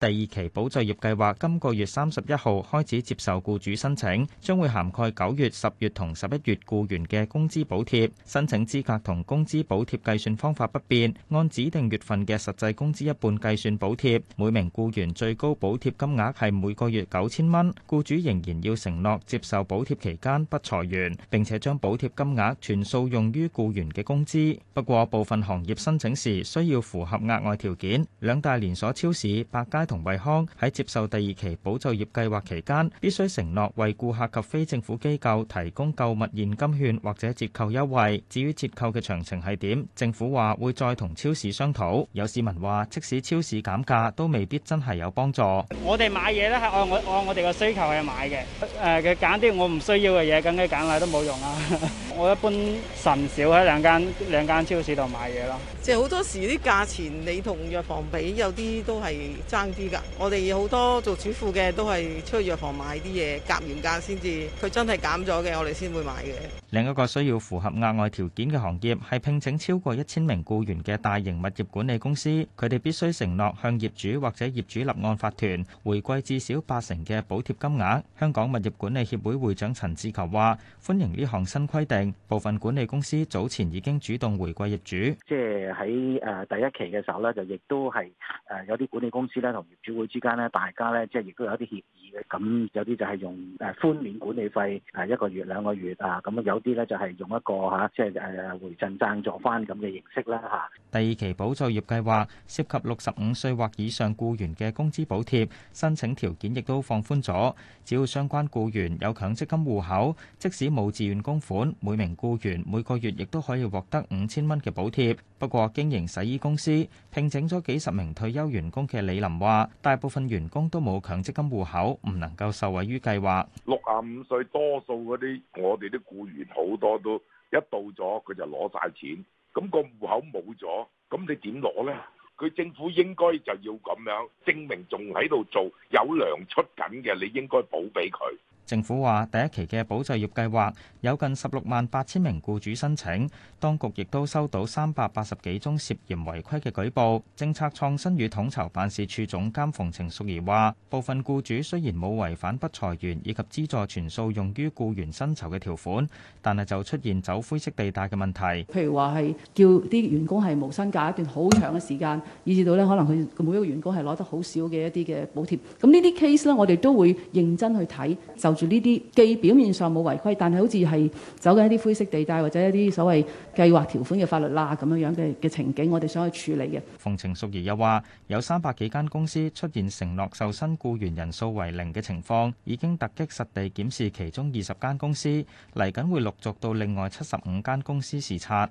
第二期保就業計劃今個月三十一號開始接受雇主申請，將會涵蓋九月、十月同十一月雇員嘅工資補貼。申請資格同工資補貼計算方法不變，按指定月份嘅實際工資一半計算補貼。每名雇員最高補貼金額係每個月九千蚊。雇主仍然要承諾接受補貼期間不裁員，並且將補貼金額全數用於雇員嘅工資。不過部分行業申請時需要符合額外條件。兩大連鎖超市百佳同惠康喺接受第二期保就業計劃期間，必須承諾為顧客及非政府機構提供購物現金券或者折扣優惠。至於折扣嘅詳情係點，政府話會再同超市商討，有市民話即使超市減價都未必真係有幫助。我哋買嘢咧，係按我按我哋嘅需求去買嘅。誒佢揀啲我唔需要嘅嘢，咁佢揀嚟都冇用啦。我一般甚少喺兩間兩間超市度買嘢咯。即係好多時啲價錢你同藥房比，有啲都係爭啲㗎。我哋好多做主婦嘅都係出去藥房買啲嘢，夾完價先至，佢真係減咗嘅，我哋先會買嘅。另一個需要符合額外條件嘅行業係聘請超過一千名僱員嘅大型物業管理公司，佢哋必須承諾向業主或者業主立案法團回饋至少八成嘅補貼金額。香港物業管理協會會長陳志球話歡迎呢項新規定，部分管理公司早前已經主動回饋業主。即係喺誒第一期嘅時候咧，就亦都係誒有啲管理公司咧同業主會之間咧，大家咧即係亦都有一啲協議嘅。咁有啲就係用誒寬免管理費誒一個月兩個月啊。咁有啲咧就係用一個吓，即係誒回贈讚助翻咁嘅形式啦吓。第二期保就業計劃涉及六十五歲或以上雇員嘅工資補貼，申請條件亦都放寬咗，只要相關雇員有強積金戶口，即使冇自願供款，每名雇員每個月亦都可以獲得五千蚊嘅補貼。不過經營洗衣公司、聘請咗幾十名退休員工嘅李林話：大部分員工都冇強積金戶口，唔能夠受惠於計劃。六十五歲多數嗰啲，我哋啲雇員好多都一到咗，佢就攞晒錢。咁個戶口冇咗，咁你點攞咧？佢政府應該就要咁樣證明仲喺度做，有糧出緊嘅，你應該補俾佢。政府話，第一期嘅保就業計劃有近十六萬八千名雇主申請，當局亦都收到三百八十幾宗涉嫌違規嘅舉報。政策創新與統籌辦事處總監馮程淑儀話，部分雇主雖然冇違反不裁員以及資助全數用於僱員薪酬嘅條款，但係就出現走灰色地帶嘅問題。譬如話係叫啲員工係無薪假一段好長嘅時間，以至到呢可能佢每一個員工係攞得好少嘅一啲嘅補貼。咁呢啲 case 呢，我哋都會認真去睇就。呢啲既表面上冇違規，但係好似係走緊一啲灰色地帶或者一啲所謂計劃條款嘅法律啦，咁樣樣嘅嘅情景，我哋想去處理嘅。馮程淑儀又話，有三百幾間公司出現承諾受薪僱員人數為零嘅情況，已經突擊實地檢視其中二十間公司，嚟緊會陸續到另外七十五間公司視察。